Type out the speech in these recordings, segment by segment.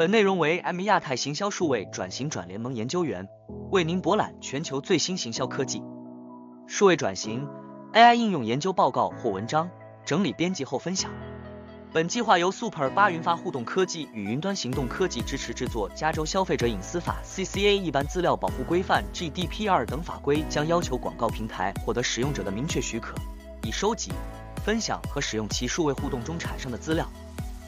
本內容為 M 亞太行銷數位轉型轉聯盟研究員為您博覽全球最新行銷科技數位轉型 AI 應用研究報告或文章整理編輯後分享。本計劃由 Super 八雲發互動科技與雲端行動科技支持制作。加州消費者隱私法 CCPA 一般資料保護規範 （GDPR） 等法規將要求廣告平台獲得使用者的明確許可，以收集、分享和使用其數位互動中產生的資料。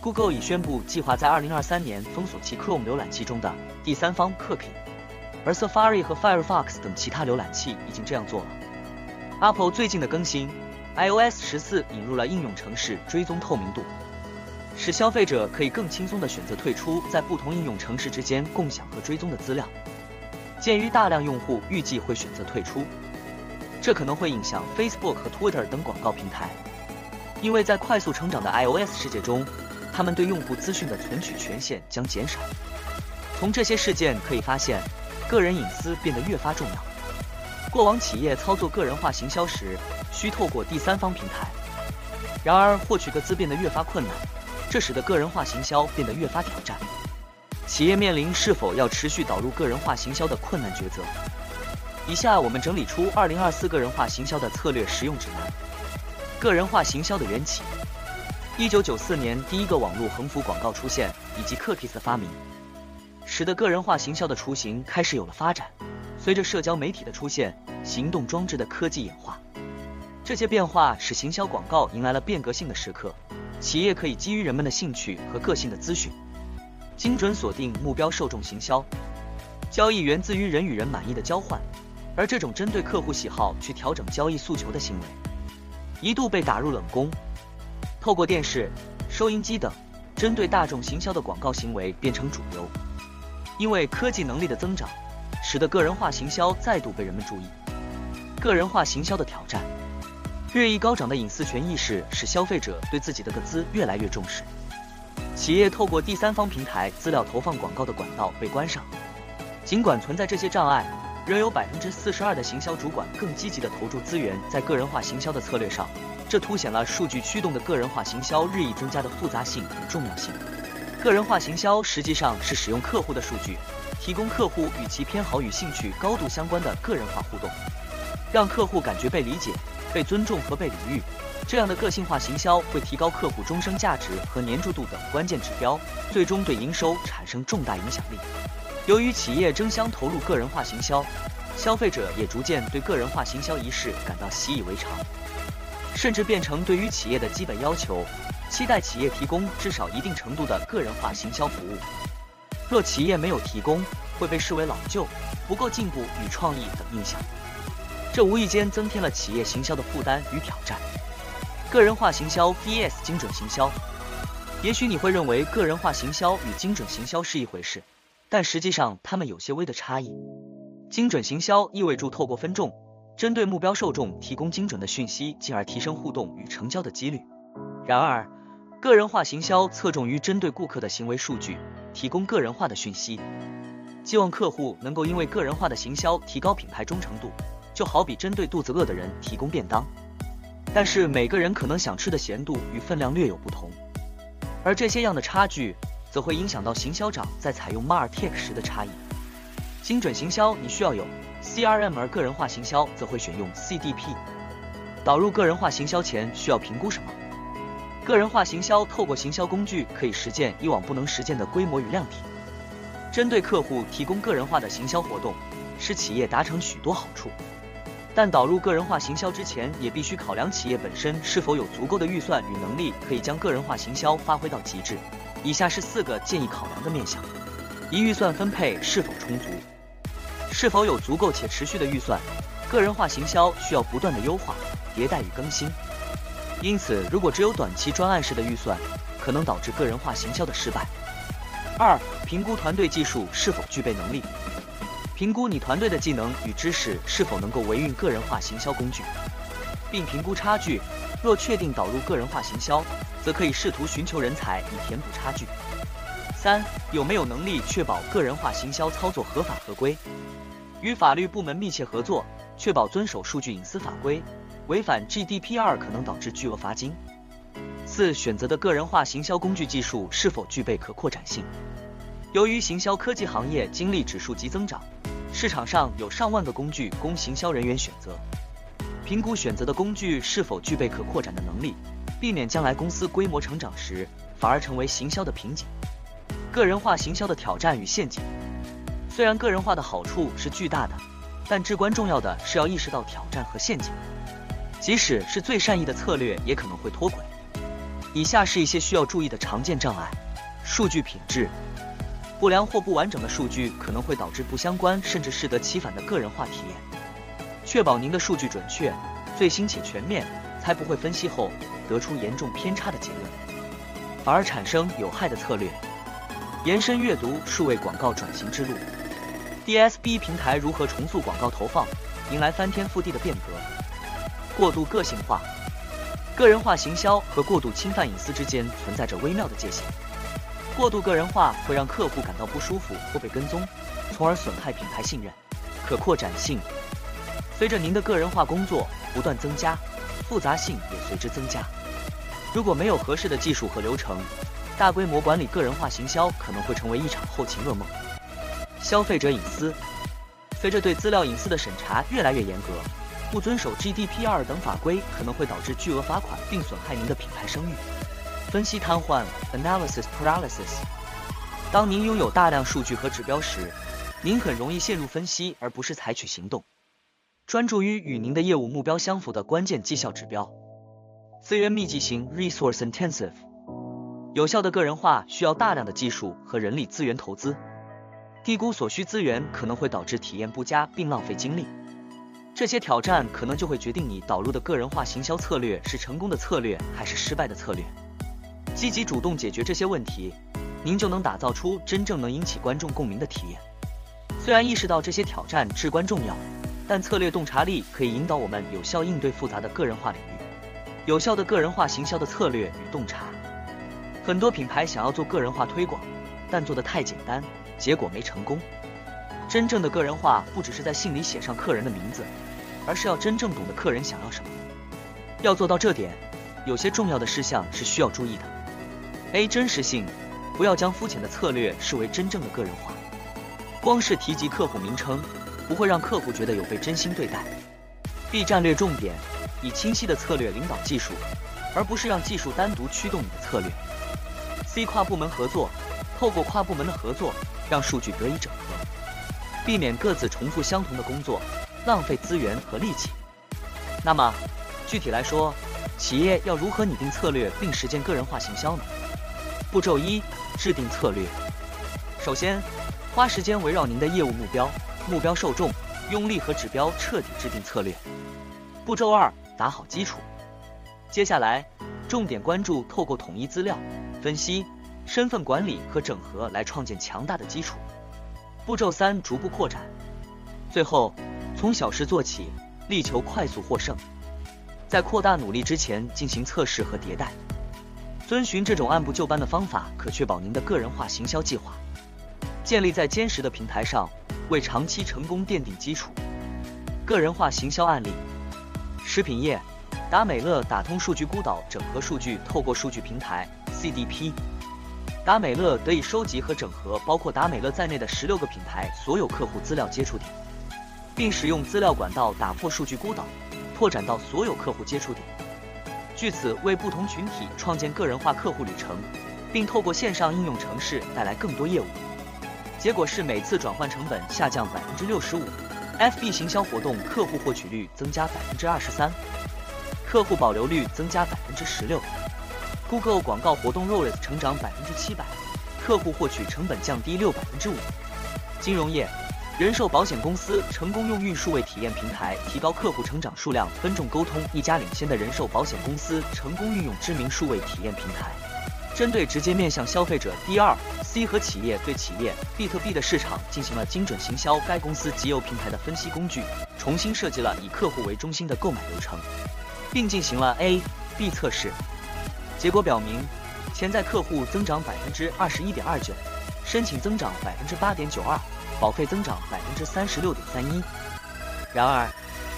Google 已宣布計劃在二零二三年封鎖其 Chrome 瀏覽器中的第三方 Cookie，而 Safari 和 Firefox 等其他瀏覽器已經這樣做了。Apple 最近的更新，iOS 十四引入了應用程式追蹤透明度，使消費者可以更輕鬆地選擇退出在不同應用程式之間共享和追蹤的資料。鑑於大量用戶預計會選擇退出，這可能會影響 Facebook 和 Twitter 等廣告平台，因為在快速成長的 iOS 世界中。他們對用戶資訊的存取權限將減少。從這些事件可以發現，個人隱私變得越發重要。過往企業操作個人化行銷時，需透過第三方平台，然而獲取個資變得越發困難，這使得個人化行銷變得越發挑戰。企業面臨是否要持續導入個人化行銷的困難抉擇。以下我們整理出二零二四個人化行銷的策略實用指南。個人化行銷的緣起。一九九四年，第一個網絡橫幅廣告出現，以及克皮斯的發明，使得個人化行銷的雛形開始有了發展。隨着社交媒體的出現，行動裝置的科技演化，這些變化使行銷廣告迎來了變革性的時刻。企業可以基於人們的興趣和個性的資訊，精準鎖定目標受眾行銷。交易源自於人與人滿意的交換，而這種針對客戶喜好去調整交易訴求的行為，一度被打入冷宮。透過電視、收音機等，針對大眾行銷的廣告行為變成主流，因為科技能力的增長，使得個人化行銷再度被人們注意。個人化行銷的挑戰，日益高漲的隱私權意識使消費者對自己的個資越來越重視，企業透過第三方平台資料投放廣告的管道被關上。儘管存在這些障礙，仍有百分之四十二的行銷主管更積極地投注資源在個人化行銷的策略上。這凸顯了數據驅動的個人化行銷日益增加的複雜性和重要性。個人化行銷實際上是使用客戶的數據，提供客戶與其偏好與興趣高度相關的個人化互動，讓客戶感覺被理解、被尊重和被禮遇。這樣的個性化行銷會提高客戶終生價值和粘著度等關鍵指標，最終對營收產生重大影響力。由於企業爭相投入個人化行銷，消費者也逐漸對個人化行銷一事感到習以為常。甚至變成對於企業的基本要求，期待企業提供至少一定程度的個人化行銷服務。若企業沒有提供，會被視為老舊、不夠進步與創意等印象。這無意間增添了企業行銷的負擔與挑戰。個人化行銷 vs 精準行銷，也許你會認為個人化行銷與精準行銷是一回事，但實際上它們有些微的差異。精準行銷意味着透過分眾。針對目標受眾提供精準的訊息，進而提升互動與成交的幾率。然而，個人化行銷側重於針對顧客的行為數據提供個人化的訊息，希望客戶能夠因為個人化的行銷提高品牌忠誠度。就好比針對肚子餓的人提供便當，但是每個人可能想吃的鹹度與分量略有不同，而這些樣的差距則會影響到行銷長在採用 MarTech 時的差異。精準行銷，你需要有。CRM 而個人化行銷則會選用 CDP。導入個人化行銷前需要評估什麼？個人化行銷透過行銷工具可以實踐以往不能實踐的規模與量體，針對客戶提供個人化的行銷活動，使企業達成許多好處。但導入個人化行銷之前，也必須考量企業本身是否有足夠的預算與能力，可以將個人化行銷發揮到極致。以下是四個建議考量的面向：一、預算分配是否充足。是否有足夠且持續的預算？個人化行銷需要不斷地優化、迭代與更新，因此，如果只有短期專案式的預算，可能導致個人化行銷的失敗。二、評估團隊技術是否具備能力，評估你團隊的技能與知識是否能夠維運個人化行銷工具，並評估差距。若確定導入個人化行銷，則可以試圖尋求人才以填補差距。三、有沒有能力確保個人化行銷操作合法合規？與法律部門密切合作，確保遵守數據隱私法規，違反 GDPR 可能導致巨額罰金。四、選擇的個人化行銷工具技術是否具備可擴展性？由於行銷科技行業經歷指數級增長，市場上有上萬個工具供行銷人員選擇。評估選擇的工具是否具備可擴展的能力，避免將來公司規模成長時反而成為行銷的瓶頸。個人化行銷的挑戰與陷阱。雖然個人化的好處是巨大的，但至關重要的是要意識到挑戰和陷阱。即使是最善意的策略，也可能會脫軌。以下是一些需要注意的常見障礙：數據品質。不良或不完整的數據可能會導致不相關甚至適得其反的個人化體驗。確保您的數據準確、最新且全面，才不會分析後得出嚴重偏差的結論，反而產生有害的策略。延伸閱讀：數位廣告轉型之路。DSP 平台如何重塑廣告投放，迎來翻天覆地的變革？過度個性化、個人化行銷和過度侵犯隱私之間存在着微妙的界限。過度個人化會讓客戶感到不舒服或被跟蹤，從而損害品牌信任。可擴展性：隨着您的個人化工作不斷增加，複雜性也隨之增加。如果沒有合適的技術和流程，大規模管理個人化行銷可能會成為一場後勤噩夢。消費者隱私，隨着對資料隱私的審查越來越嚴格，不遵守 GDPR 等法規可能會導致巨額罰款並損害您的品牌聲譽。分析癱瘓 （Analysis Paralysis），當您擁有大量數據和指標時，您很容易陷入分析而不是採取行動。專注於與您的業務目標相符的關鍵績效指標。資源密集型 （Resource Intensive），有效的個人化需要大量的技術和人力資源投資。低估所需資源可能會導致體驗不佳並浪費精力。這些挑戰可能就會決定你導入的個人化行銷策略是成功的策略還是失敗的策略。積極主動解決這些問題，您就能打造出真正能引起觀眾共鳴的體驗。雖然意識到這些挑戰至關重要，但策略洞察力可以引導我們有效應對複雜的個人化領域。有效的個人化行銷的策略與洞察。很多品牌想要做個人化推廣。但做得太簡單，結果沒成功。真正的個人化不只是在信裡寫上客人的名字，而是要真正懂得客人想要什麼。要做到這點，有些重要的事項是需要注意的。A. 真實性，不要將膚淺的策略視為真正的個人化。光是提及客戶名稱，不會讓客戶覺得有被真心對待。B. 戰略重點，以清晰的策略領導技術，而不是讓技術單獨驅動你的策略。C. 跨部門合作。透過跨部門的合作，讓數據得以整合，避免各自重複相同的工作，浪費資源和力氣。那麼，具體來說，企業要如何擬定策略並實現個人化行銷呢？步驟一：制定策略。首先，花時間圍繞您的業務目標、目標受眾、用力和指標徹底制定策略。步驟二：打好基礎。接下來，重點關注透過統一資料分析。身份管理和整合來創建強大的基礎。步驟三：逐步擴展。最後，從小事做起，力求快速獲勝。在擴大努力之前進行測試和迭代。遵循這種按部就班的方法，可確保您的個人化行銷計劃建立在堅實的平台上，為長期成功奠定基礎。個人化行銷案例：食品業，達美樂打通數據孤島，整合數據，透過數據平台 CDP。達美樂得以收集和整合包括達美樂在內的十六個品牌所有客戶資料接觸點，並使用資料管道打破數據孤島，拓展到所有客戶接觸點。據此為不同群體創建個人化客戶旅程，並透過線上應用程式帶來更多業務。結果是每次轉換成本下降百分之六十五，FB 行銷活動客戶獲取率增加百分之二十三，客戶保留率增加百分之十六。Google 廣告活動 ROAS 成長百分之七百，客戶獲取成本降低六百分之五。金融業，人壽保險公司成功用運數位體驗平台提高客戶成長數量。分眾溝通一家領先的人壽保險公司成功運用知名數位體驗平台，針對直接面向消費者第二 C 和企業對企業 B 特幣的市場進行了精準行銷。該公司集郵平台的分析工具重新設計了以客戶為中心的購買流程，並進行了 A B 測試。結果表明，潛在客戶增長百分之二十一點二九，申請增長百分之八點九二，保費增長百分之三十六點三一。然而，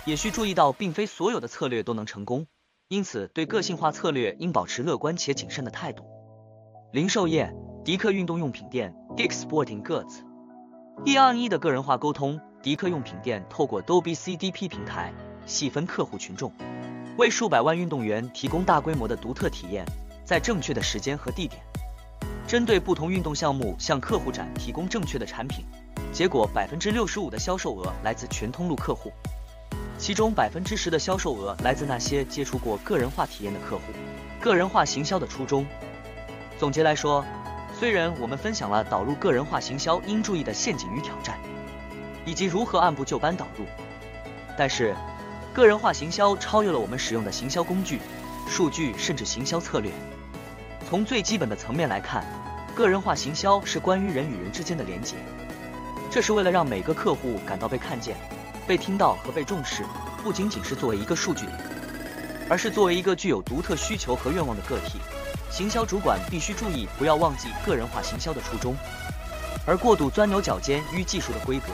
也需注意到，並非所有的策略都能成功，因此對個性化策略應保持樂觀且謹慎的態度。零售業，迪克運動用品店 （Dick's Sporting Goods） 一 on 一的個人化溝通，迪克用品店透過 Adobe CDP 平台細分客戶群眾。為數百萬運動員提供大規模的獨特體驗，在正確的時間和地點，針對不同運動項目向客戶展提供正確的產品。結果，百分之六十五的銷售額來自全通路客戶，其中百分之十的銷售額來自那些接觸過個人化體驗的客戶。個人化行銷的初衷。總結來說，雖然我們分享了導入個人化行銷應注意的陷阱與挑戰，以及如何按部就班導入，但是。個人化行銷超越了我們使用的行銷工具、數據，甚至行銷策略。從最基本的層面來看，個人化行銷是關於人與人之間的連結。這是為了讓每個客戶感到被看見、被聽到和被重視，不僅僅是作為一個數據，而是作為一個具有獨特需求和願望的個體。行銷主管必須注意，不要忘記個人化行銷的初衷，而過度鑽牛角尖於技術的規格。